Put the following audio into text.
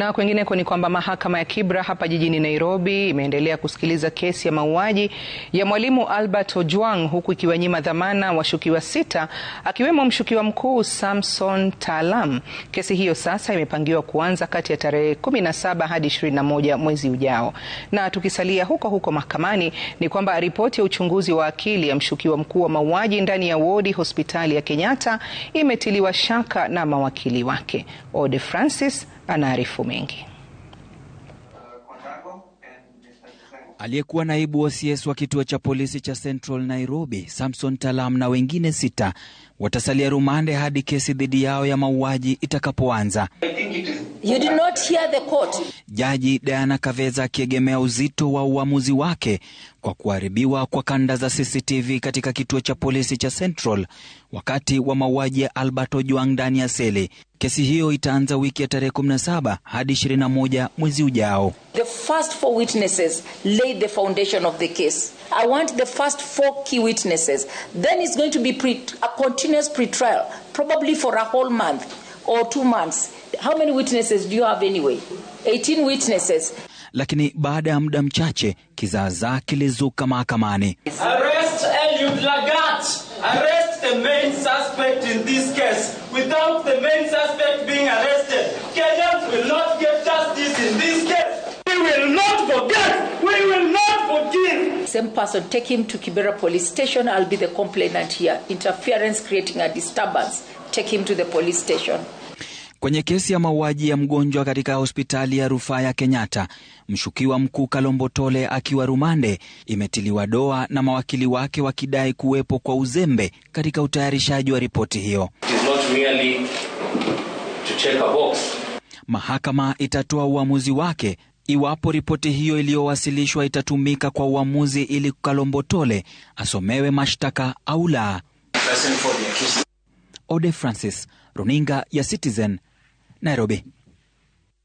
Na kwingineko ni kwamba mahakama ya Kibra hapa jijini Nairobi imeendelea kusikiliza kesi ya mauaji ya mwalimu Albert Ojwang huku ikiwanyima dhamana washukiwa sita akiwemo mshukiwa mkuu Samson Taalam. Kesi hiyo sasa imepangiwa kuanza kati ya tarehe 17 hadi 21 mwezi ujao. Na tukisalia huko huko mahakamani ni kwamba ripoti ya uchunguzi wa akili ya mshukiwa mkuu wa mauaji ndani ya wodi hospitali ya Kenyatta imetiliwa shaka na mawakili wake. Ode Francis anaarifu mengi. Aliyekuwa naibu CS wa kituo cha polisi cha Central Nairobi, Samson Talam na wengine sita watasalia rumande hadi kesi dhidi yao ya mauaji itakapoanza. You did not hear the court. Jaji Diana Kaveza akiegemea uzito wa uamuzi wake kwa kuharibiwa kwa kanda za CCTV katika kituo cha polisi cha Central wakati wa mauaji ya Albert Ojwang ndani ya seli. Kesi hiyo itaanza wiki ya tarehe 17 hadi 21 mwezi ujao. The first four witnesses laid the foundation of the case. I want the first four key witnesses. Then it's going to be pre, a continuous pretrial, probably for a whole month or two months. How many witnesses do you have anyway? 18 witnesses. Lakini baada ya muda mchache kizaazaa kilizuka mahakamani. Arrest Eliud Lagat. Arrest the main suspect in this case. Without the main suspect being arrested, Kenyans will not get justice in this case. We will not forget. We will not forgive. Same person, take him to Kibera police station. I'll be the complainant here. Interference creating a disturbance. Take him to the police station. Kwenye kesi ya mauaji ya mgonjwa katika hospitali ya rufaa ya Kenyatta, mshukiwa mkuu Kalombo Tole akiwa rumande, imetiliwa doa na mawakili wake wakidai kuwepo kwa uzembe katika utayarishaji wa ripoti hiyo. Mahakama itatoa uamuzi wake iwapo ripoti hiyo iliyowasilishwa itatumika kwa uamuzi ili Kalombo Tole asomewe mashtaka au la. Ode Francis, runinga ya Citizen Nairobi.